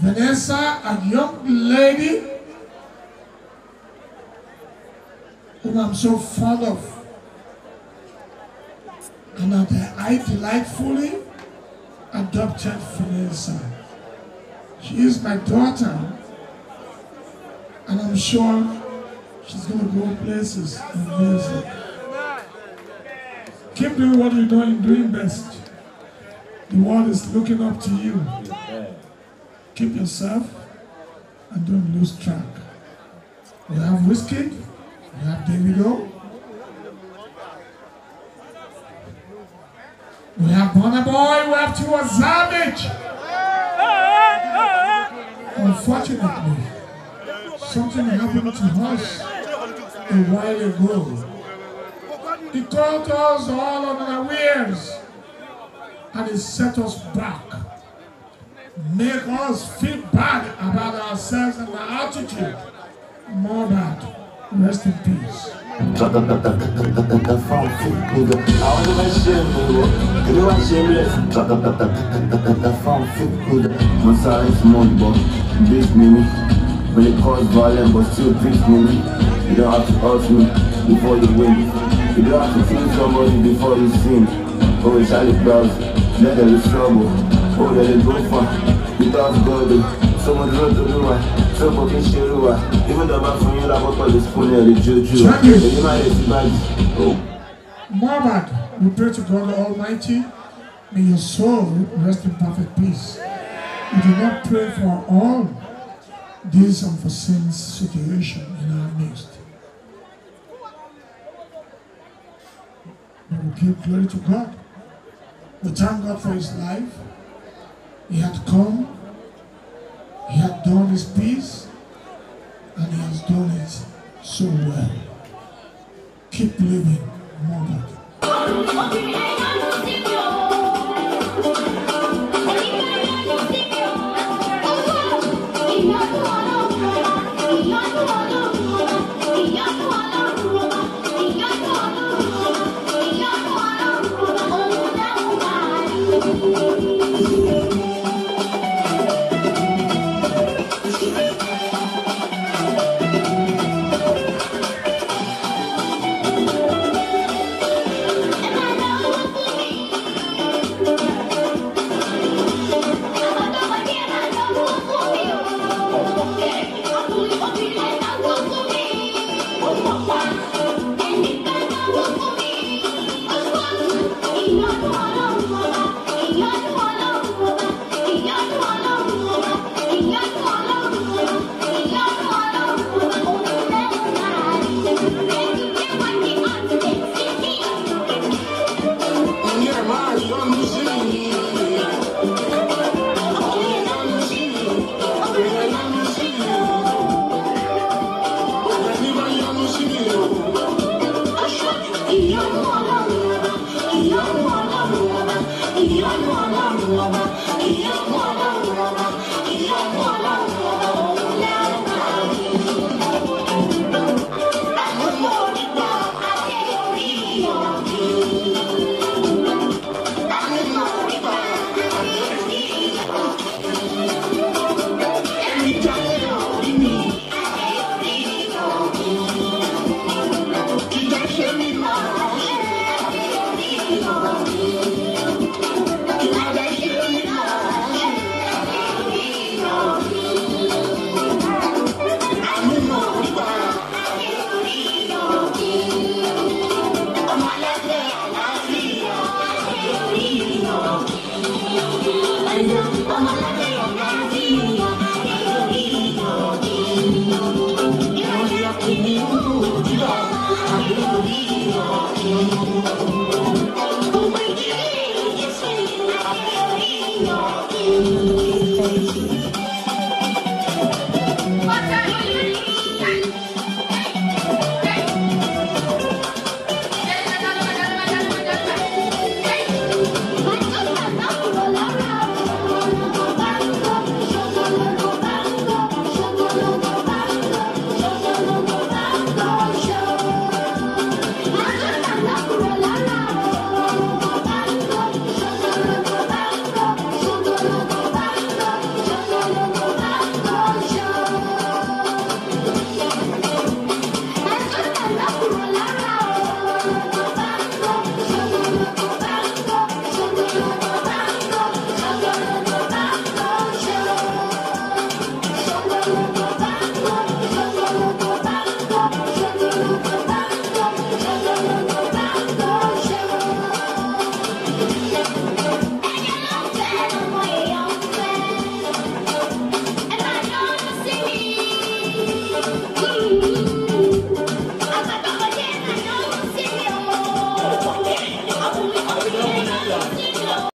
Vanessa, a young lady whom I'm so fond of, and that I delightfully adopted Vanessa. She is my daughter, and I'm sure she's going to go places in music. Keep doing what you're doing, doing best. The world is looking up to you. Keep yourself and don't lose track. You have Whiskey, you have Davido, we have Bonner Boy, we have Tua Savage. Unfortunately, something happened to us a while ago. It caught us all on our unawares and it set us back make us feel bad about ourselves and our attitude. More bad. Rest in peace. When it cause violence, but still beat me. You don't have to ask me before you win. You don't have to kill somebody before you sin. Oh, Charlie Brown, let there be trouble powierzy dufa we pray to God Almighty, may your soul rest in perfect peace. We do not pray for all this unforeseen situation in our midst. But we give glory to God. We thank God for his life. He had come, he had done his piece, and he has done it so well. Keep living, Mother. Io non la nuova, io non la nuova, io non la nuova. mim. Thank you.